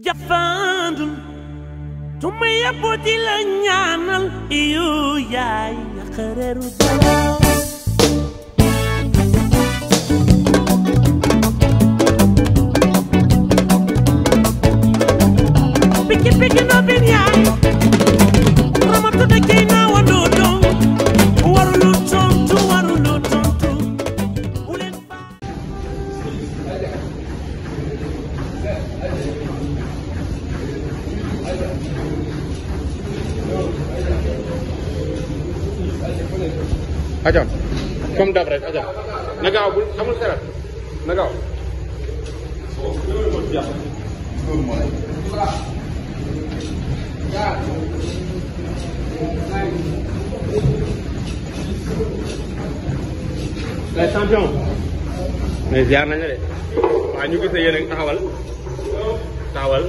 jafandu tuma yebbu di la ñaanal iyo yaay xareeru dara Picky, picky, no, bin, yeah. aja comme dab rek aja na gaaw bul amul xerat na gaaw ay champion mais ziar nañu de waaw ñu ne yéen a ngi taxawal taxawal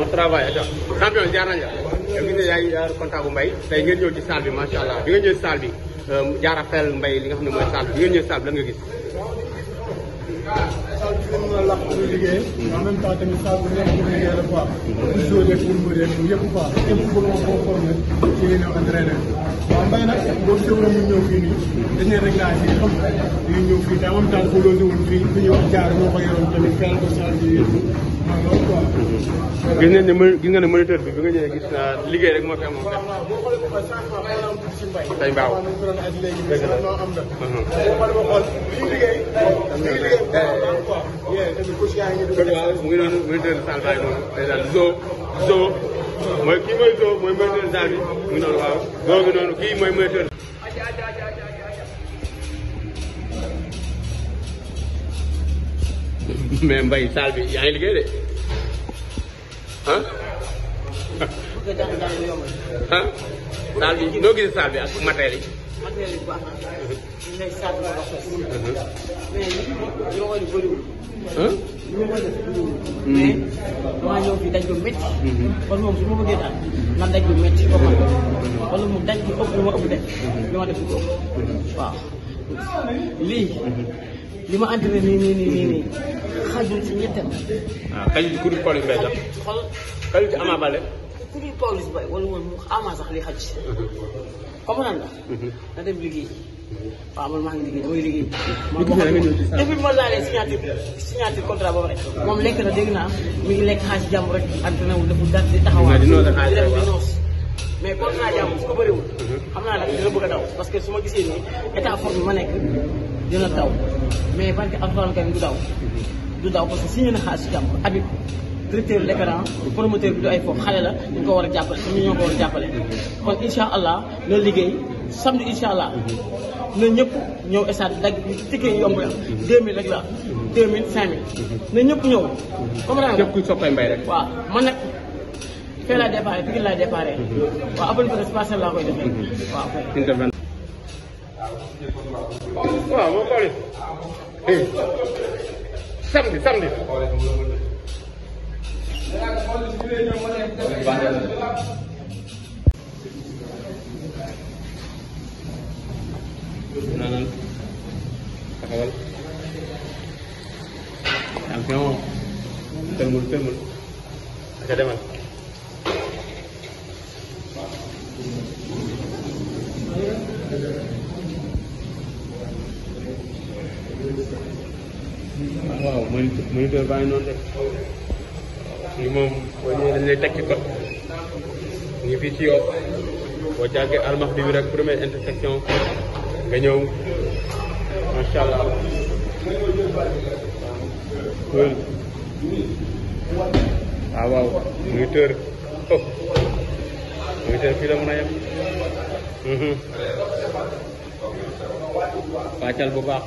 on travaille aja champion ziar nañu la yow mi ngi ne yaay comptable Mbaye tey ngeen ñëw ci salle bi macha allah bi nga ñëw salle bi euh, li nga xam ne mooy salle bi bi nga ñëw salle bi lan leen mën a làq suñu liggéey en même temps tamit saa bu nekk suñu liggéey la quoi bu sóodee pour mu dee yëpp quoi képp ku bëgg ma koo formé ci yéen a entraîné waaw mbay nag boo sewla ñu ñëw fii nii dañ ne rek laa ci xam dañuy ñëw fii te en même temps loolu ñëwul fii fi ñuy wax jaar moo ko yoroon tamit kenn ko changé yëpp waaw loolu quoi gis ngeen ne gis ngeen ne moniteur bi bi nga ñëwee gis naa liggéey rek moo fi amoon tey mbaaw dëgg la waaw mu ngi noonu moniteur ngi noonu dèjà zoo zoo mooy kii mooy zoo mooy moniteur mu ngi noonu waaw zoo bi noonu kii mooy moniteur mais Mbaye salle bi yaa ngi liggéey de ah ah salle noo gisee salle ak matériel yi matériel li ma koy def mais damaa ñëw fii daj lu métti. kon moom li ma def lu ëpp si ñettam. waaw kañ ku dul Pawlish Mbaye sax. xool kañ ci Ama li xaj. Hmm. comme hmm. na dem waaw man maa ngi liggéey damay liggéey. depuis ma laalee signature signature contrat moom lekk na dégg naa mi ngi lekk xaalis jàmm rek ak dinawul deful dara di taxawaay. di a daw parce que su ma gisee nii état ma nekk dina mais barke alxuraan karim du daw. du daw parce que signé na xaalis jàmm Habib directeur l'écran promoteur bi du ay xale la ñu a jàppale ñu ñoo ko a jàppale kon liggéey samedi incha allah. na ñëpp ñëw stade daj ñu ci yomb ya 2000 rek la 2000 5000 na ñëpp ñëw comprendre nga képp kuy soppay mbay waaw man nag fee laa déparé fii laa déparé waaw après presse parcelle laa koy defee waaw waaw moo xooli samedi samedi naanal taxawal champion tëlmul tëlmul aka demal waaw moniteur baa ngi noonu rek lii moom boo ñëwee dañ lay ci kot ñu ngi fii ci yow boo jàggee almax bi rek première intersection nga ñëw allah ah, waaw waaw mu ngi tër oh fii la mën a yem wàccal mhm. bu baax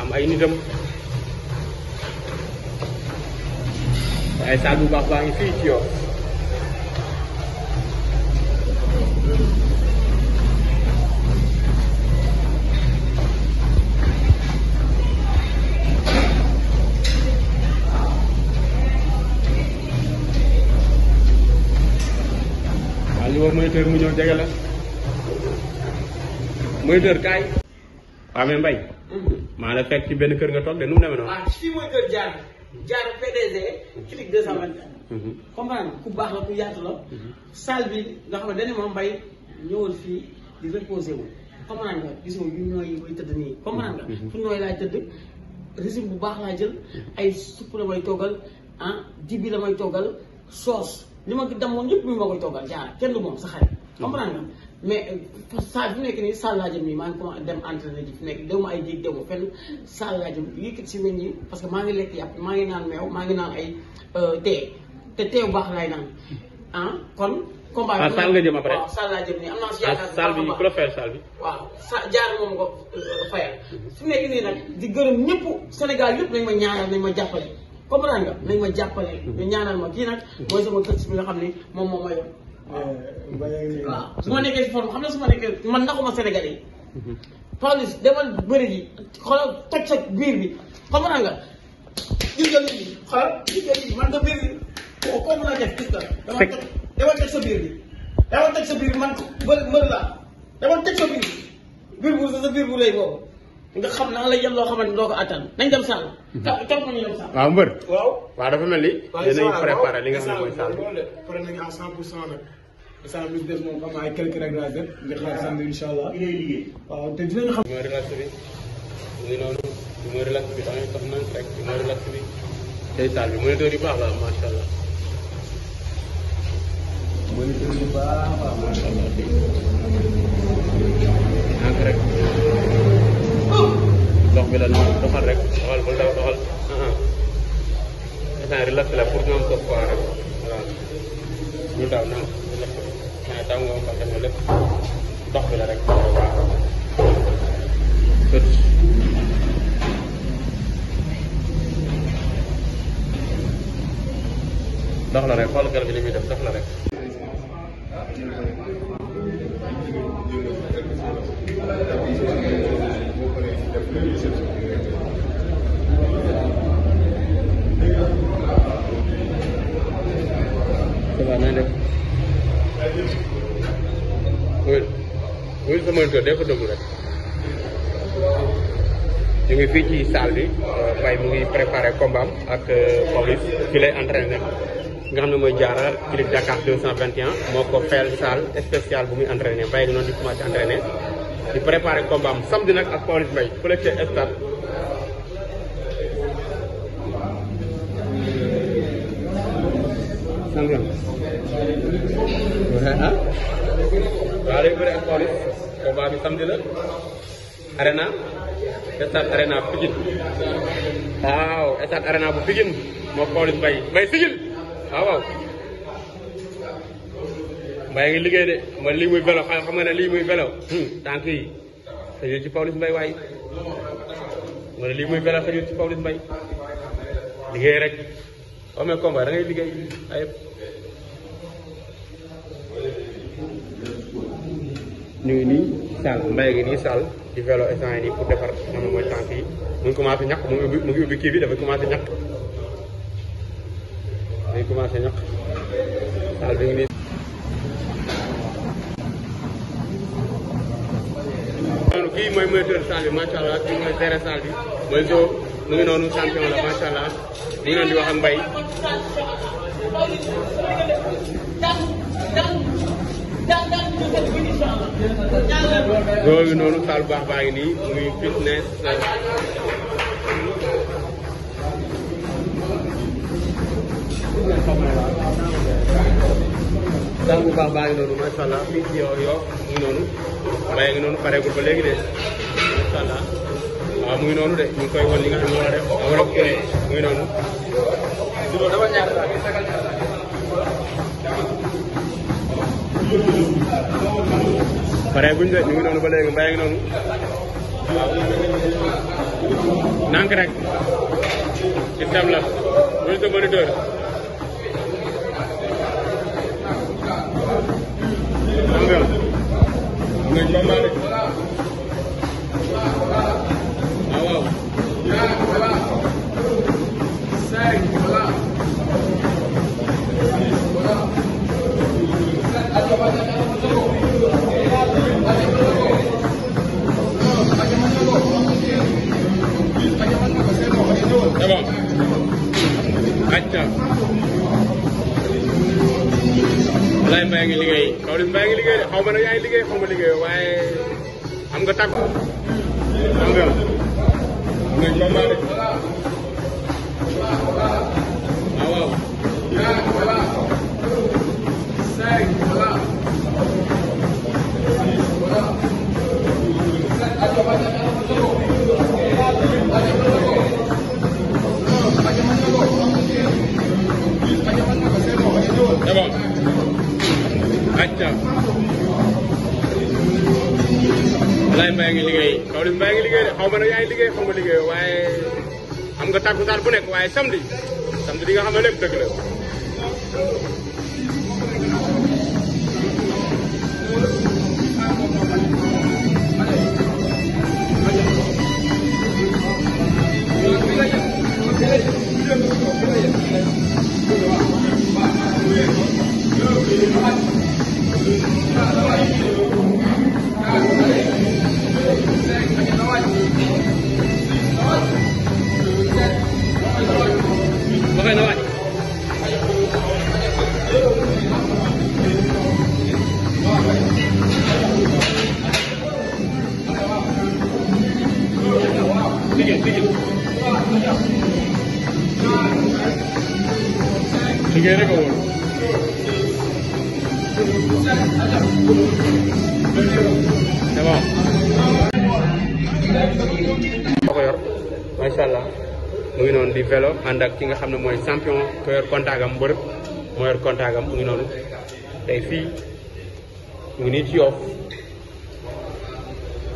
am ay nitam waaye saal bu baax baa ngi fii ci yoon waaw li war moniteur mu ñëw jege la moniteur waaw mais Mbaye. Mm-hmm. maa la fekk ci benn kër nga toog de nu mu demee noonu. waaw ah, fii mooy kër jaar jaar PDG. clic 221. comprendre ku baax la ku yaatu la. Mm-hmm. salle bi nga xam ne dañu ma ñëwal fii di reposé wu. comprendre nga gis nga ñu mm-hmm. bu baax laa jël ay supp la may toggal ah dibi la toggal soos li ma demoon yëpp mi ma koy toggal jaar kenn du moom sa xarit. nga. mais saa fi nekk nii sàllaajam yi maa ngi ko dem entraîné ji fi nekk déw ma ay jéeg déw ma fenn sàllaajam yëkkat si weñ yi parce que maa ngi lekk yàpp maa ngi naan meew maa ngi naan ay euh, tee te tee bu baax laay naan ah, kon combat bi ah, saal nga jëm après waaw saal laa jëm nii am naa si ah, yaakaar jaar moom ko euh, fayal su nekk nii nag di gërëm ñëpp Sénégal yëpp nañ ma ñaanal nañ ma jàppale comprendre nga nañ ma jàppale ñu ñaanal ma kii nag mooy sama kër si bi nga xam ne moom moom ma su ma nekkee si forme xam na su ma nekkee man naxuma Sénégalais yi. Pawlish demal bëri sa biir bi xam nga man nga biir a def sa biir bi dama sa biir bi man mbër mbër bu sa biir nga xam naa la yem loo xamante doo ko attan nañ dem Sall. Mhm. taw taw ma ñu dem Sall. waaw mbër. waaw dafa mel li nga xam ne mooy Sall. pare nañu à 100 pour 100 nag. sans lu des moom xam naa ay quelques réglages rek nga xaar sànni incha allah waaw te dinañ xam. mooy relax bi mu ngi noonu mooy relax bi tamit tax na rek mooy relax bi day taal bi moniteur yu baax la macha allah. moniteur yu baax la macha allah. donc rek ndox bi la noonu doxal rek doxal ba daw doxal instant relax la pour ñu am ko quoi rek waaw ñu daw noonu. mais taw nga ko def lépp dox bi la rek waaw kër def la rek sa mëntoor dee ko rek ñu ngi fii ci salle bi bay mu ngi préparé combat ak Pawlish fi lay nga xam ne mooy jaara kilib Dakar 221 moo ko fayal salle spéciale bu muy entraîné Mbaye ngi noonu di commencé entraîné di préparé combat am samedi nag ak Pawlish Mbaye fële ca stade sànq. waaw. waaw léegi ak Pawlish. combat bi samedi la arena stade arena bu Pikine waaw stade arena bu Pikine moo Pawlish Mbaye Mbaye sigil waaw waaw Mbaye ngi liggéey de man lii muy vélo xam nga ne lii muy vélo hmm, tànk yi xëjul ci Pawlish waaye ma ne lii muy vélo xëjul ci Pawlish liggéey rek xaw ma combat da ngay liggéey ñu ngi nii saal mbay gi nii saal di vélo instant yi nii pour defar xam nga mooy tànk yi mu ngi commencé ñàkk mu ngi ubbi mu kii bi dafa commencé ñàkk day commencé ñàkk saal bi ngi nii mooy moniteur mu ngi noonu champion la macha allah mu ngi noonu di wax mbay loolu noonu saal bu baax baa ngi nii muy fitness saal bu baax baa ngi noonu macha allah fii ci yow yow mu ngi noonu waaye ngi noonu pareegul ba léegi de macha allah waaw mu ngi noonu de ñu ngi koy wan li nga xam ne war a def war a kure mu ngi noonu pare buñ de ñu ngi noonu ba léegi mbay nank rek ci tabla bul sa moniteur nangal nañ ba maa Tamam. acca Ablaye Mbaye ngi liggéey Pawlish Mbaye ngi liggéey de xaw ma ne yaa ngi liggéey xaw ma liggéey waaye am nga tàkk am nga am nga combat de waaw waaw Thank you. D'abord. acca. Laye Mbaye ngi liggéey Pawlish Mbaye ngi liggéey de xaw ma ne yaay liggéey xaw ma liggéey waaye xam nga tàkkusaan bu nekk waaye samedi samedi di nga xam ne lépp dëgg la. चेहरे को vote تمام moo ngi noonu di vélo ànd ak ki nga xam ne mooy champion ko yor kontaagam mbërëb moo yor kontaagam mu ngi noonu tey fii mu ngi nii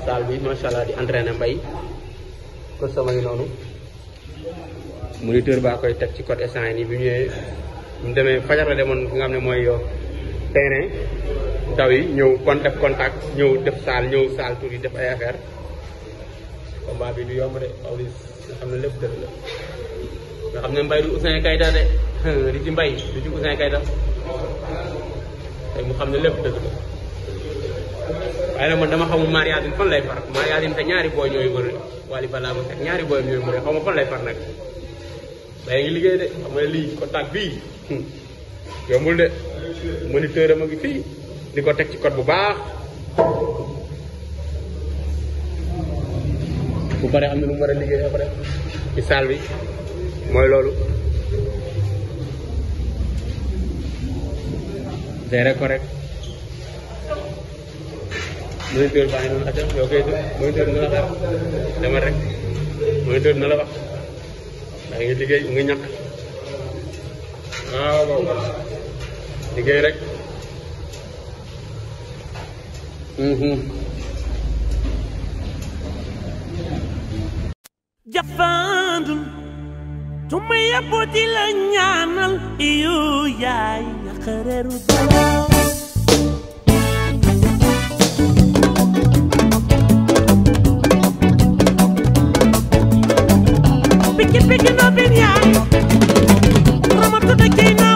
saal bi macha allah di entraîné mbay ko sama ngi noonu moniteur baa koy teg ci code essence yi bi ñëwee mu demee fajar la demoon nga xam ne mooy euh, terrain daw yi ñëw kon def contact ñëw def saal ñëw saal tuuti def ay affaire combat bi du yomb de nga xam ne lépp dëgg la nga xam ne mbay du Ouzin Keita de di ci mbay du ci Ouzin Keita tey mu xam ne lépp dëgg la waaye nag man dama xamul Maar Yaasin lay far Maar te ñaari booy ñooy wër Wally Ballago ñaari booy ñooy wër xaw ma fan lay far nag. bay ngi liggéey de xam nga lii contact bii. Hmm. yombul de moniteur am a ngi fii di ko teg ci kot bu baax. bu paree am na lu mu war ko rek moniteur baa ngi na la xaar liggéey mu ngi ñàkk. waaw waaw liggéey rek. Mm-hmm. jafandu tuma yabbo di la ñaanal yu yaay naqareeru dara Pique, pique no pinhais te